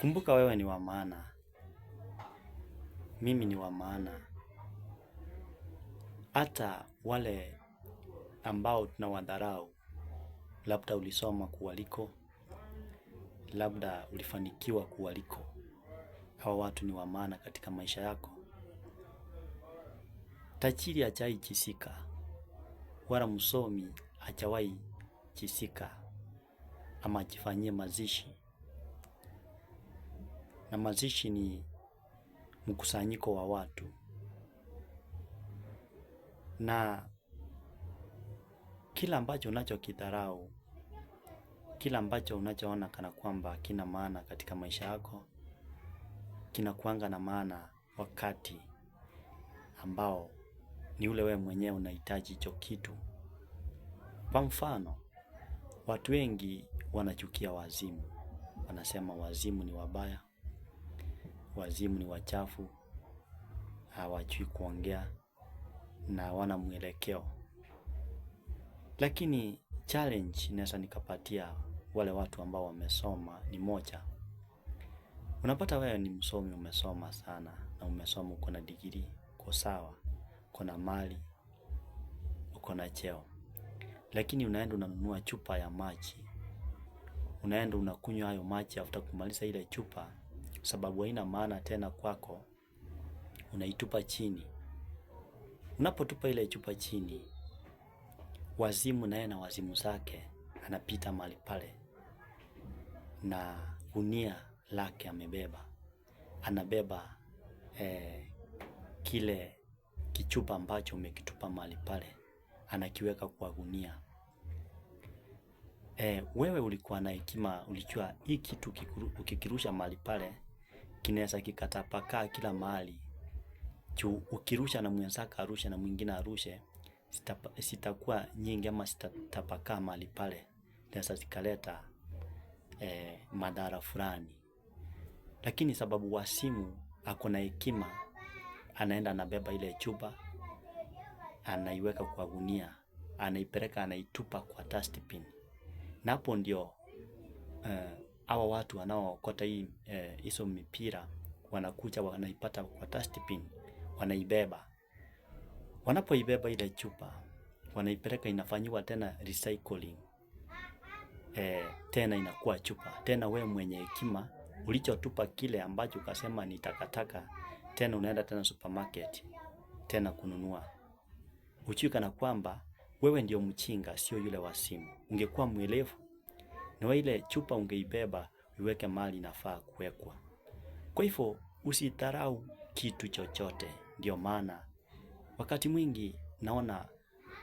Kumbuka wewe ni wa maana. Mimi ni wa maana. Hata wale ambao tunawadharau, labda ulisoma kuwaliko, labda ulifanikiwa kuwaliko. Hawa watu ni wa maana katika maisha yako. Tajiri hajai chisika, wala msomi hajawahi chisika ama ajifanyie mazishi na mazishi ni mkusanyiko wa watu, na kila ambacho unachokidharau, kila ambacho unachoona kana kwamba kina maana katika maisha yako kinakuanga na maana wakati ambao ni ule wewe mwenyewe unahitaji hicho kitu. Kwa mfano, watu wengi wanachukia wazimu, wanasema wazimu ni wabaya, wazimu ni wachafu, hawajui kuongea na hawana mwelekeo. Lakini challenge inaweza nikapatia wale watu ambao wamesoma ni moja. Unapata wewe ni msomi, umesoma sana na umesoma, uko na digiri, uko sawa, uko na mali, uko na cheo, lakini unaenda unanunua chupa ya maji, unaenda unakunywa hayo maji, afuta kumaliza ile chupa sababu haina maana tena kwako, unaitupa chini. Unapotupa ile chupa chini, wazimu naye na wazimu zake anapita mahali pale, na gunia lake amebeba, anabeba eh, kile kichupa ambacho umekitupa mahali pale, anakiweka kwa gunia. E, wewe ulikuwa na hekima, ulijua hii kitu ukikirusha mahali pale kinaweza kikatapakaa kila mahali juu ukirusha na mwenzako arushe na mwingine arushe sitakuwa nyingi ama sitatapakaa mahali pale, naweza zikaleta eh, madhara fulani. Lakini sababu wasimu ako na hekima, anaenda anabeba ile chupa, anaiweka kwa gunia, anaipeleka anaitupa kwa dustbin, na hapo ndio eh, hawa watu wanaokota hii eh, hizo eh, mipira wanakuja wanaipata kwa dustbin, wanaibeba. Wanapoibeba ile chupa wanaipeleka, inafanyiwa tena recycling E, tena inakuwa chupa tena. We mwenye hekima ulichotupa kile ambacho ukasema ni takataka, tena unaenda tena supermarket tena kununua, uchika na kwamba wewe ndio mchinga, sio yule wa simu. Ungekuwa mwelevu na ile chupa ungeibeba iweke mali nafaa kuwekwa. Kwa hivyo usidharau kitu chochote. Ndio maana wakati mwingi naona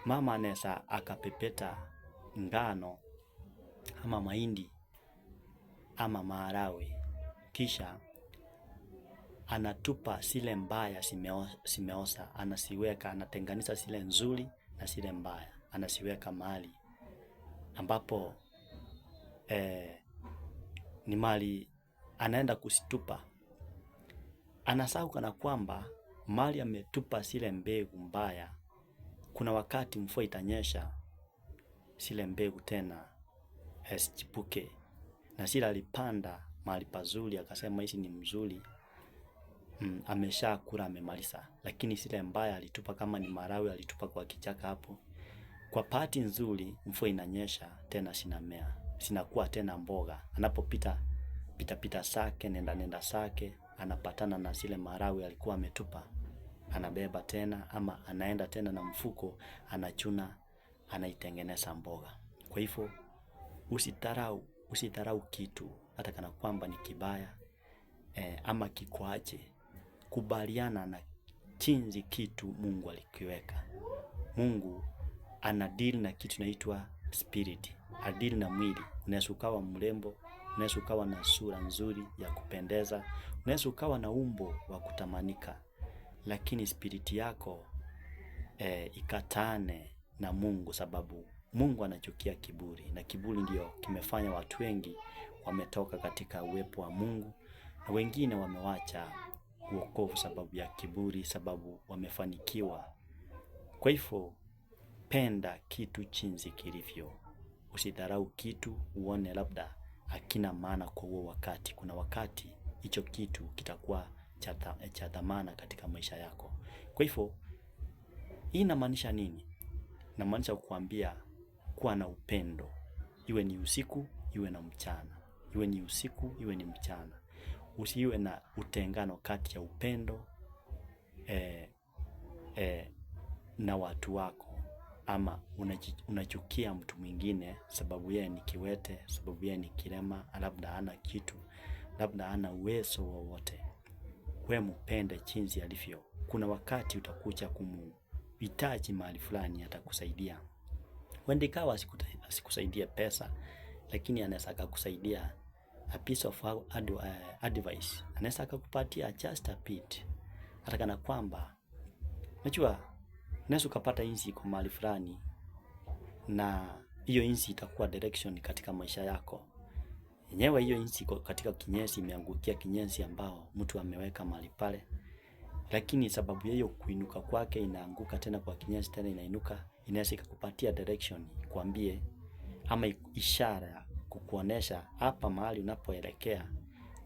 mama anaweza akapepeta ngano ama mahindi ama maharawe, kisha anatupa zile mbaya simeosa anasiweka anatenganisha zile nzuri na zile mbaya, anasiweka mahali ambapo eh, ni mali anaenda kusitupa, anasahau kana kwamba mali ametupa sile mbegu mbaya. Kuna wakati mvua itanyesha, sile mbegu tena esichipuke, eh, na sile alipanda mali pazuri, akasema hizi ni mzuri Mm, amesha kula amemaliza, lakini sile mbaya alitupa, kama ni marawi alitupa kwa kichaka hapo. Kwa bahati nzuri mvua inanyesha tena sinamea zinakuwa tena mboga. Anapopita pita pita sake nenda nenda sake, anapatana na zile marawi alikuwa ametupa, anabeba tena ama anaenda tena na mfuko, anachuna, anaitengeneza mboga. Kwa hivyo usitarau, usitarau kitu hata kana kwamba ni kibaya eh, ama kikwaje. Kubaliana na chinzi kitu Mungu alikiweka. Mungu ana deal na kitu naitwa spirit, adili na mwili. Unaweza ukawa mrembo, unaweza ukawa na sura nzuri ya kupendeza, unaweza ukawa na umbo wa kutamanika, lakini spirit yako e, ikatane na Mungu, sababu Mungu anachukia kiburi, na kiburi ndio kimefanya watu wengi wametoka katika uwepo wa Mungu na wengine wamewacha uokovu sababu ya kiburi, sababu wamefanikiwa. Kwa hivyo Penda kitu chinzi kilivyo, usidharau kitu uone labda hakina maana kwa huo wakati. Kuna wakati hicho kitu kitakuwa cha dhamana katika maisha yako. Kwa hivyo hii inamaanisha nini? Inamaanisha kukwambia kuwa na upendo, iwe ni usiku iwe na mchana, iwe ni usiku iwe ni mchana. Usiwe na utengano kati ya upendo eh, eh, na watu wako ama unachukia mtu mwingine sababu yeye ni kiwete, sababu yeye ni kilema, labda hana kitu, labda hana uwezo wowote. We mupende jinsi alivyo. Kuna wakati utakucha kumhitaji mahali fulani, atakusaidia. wendikawa ikawa asikusaidie pesa, lakini anaweza akakusaidia a piece of uh, advice, anaweza akakupatia just a bit, hata kana kwamba unajua unaweza ukapata insi kwa mahali fulani, na hiyo insi itakuwa direction katika maisha yako yenyewe. Hiyo insi iko katika kinyesi, imeangukia kinyesi ambao mtu ameweka mahali pale, lakini sababu hiyo kuinuka kwake, inaanguka tena kwa kinyesi, tena inainuka, inaweza ikakupatia direction, kuambie ama ishara kukuonesha hapa mahali unapoelekea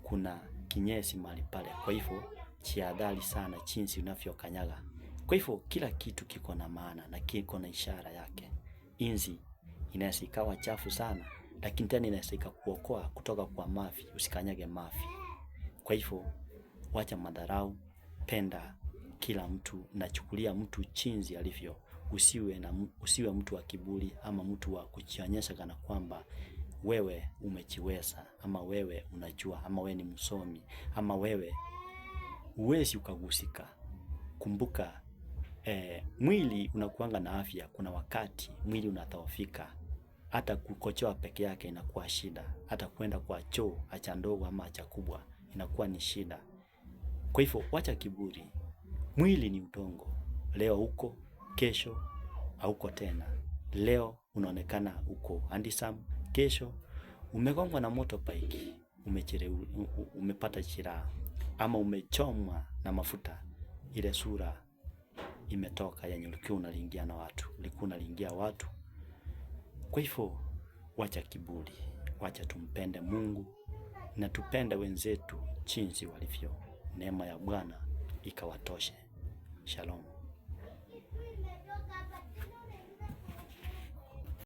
kuna kinyesi mahali pale. Kwa hivyo, jiadhari sana jinsi unavyokanyaga. Kwa hivyo kila kitu kiko na maana na kiko na ishara yake. Inzi inaweza ikawa chafu sana, lakini tena inaweza ikakuokoa kutoka kwa mavi, usikanyage mavi. Kwa hivyo wacha madharau, penda kila mtu na chukulia mtu chinzi alivyo. Usiwe, na, usiwe mtu wa kiburi ama mtu wa kujionyesha kana kwamba wewe umejiweza ama wewe unajua ama wewe ni msomi ama wewe uwezi ukagusika. Kumbuka eh, mwili unakuanga na afya. Kuna wakati mwili unadhoofika, hata kukochoa peke yake inakuwa shida, hata kwenda kwa choo acha ndogo ama acha kubwa inakuwa ni shida. Kwa hivyo wacha kiburi, mwili ni udongo. Leo uko kesho hauko tena. Leo unaonekana uko andisam, kesho umegongwa na motorbike, umepata chiraha ama umechomwa na mafuta, ile sura imetoka yenye ulikuwa unalingia na watu, ulikuwa unalingia watu. Kwa hivyo wacha kiburi, wacha tumpende Mungu na tupende wenzetu chinsi walivyo. Neema ya Bwana ikawatoshe. Shalom.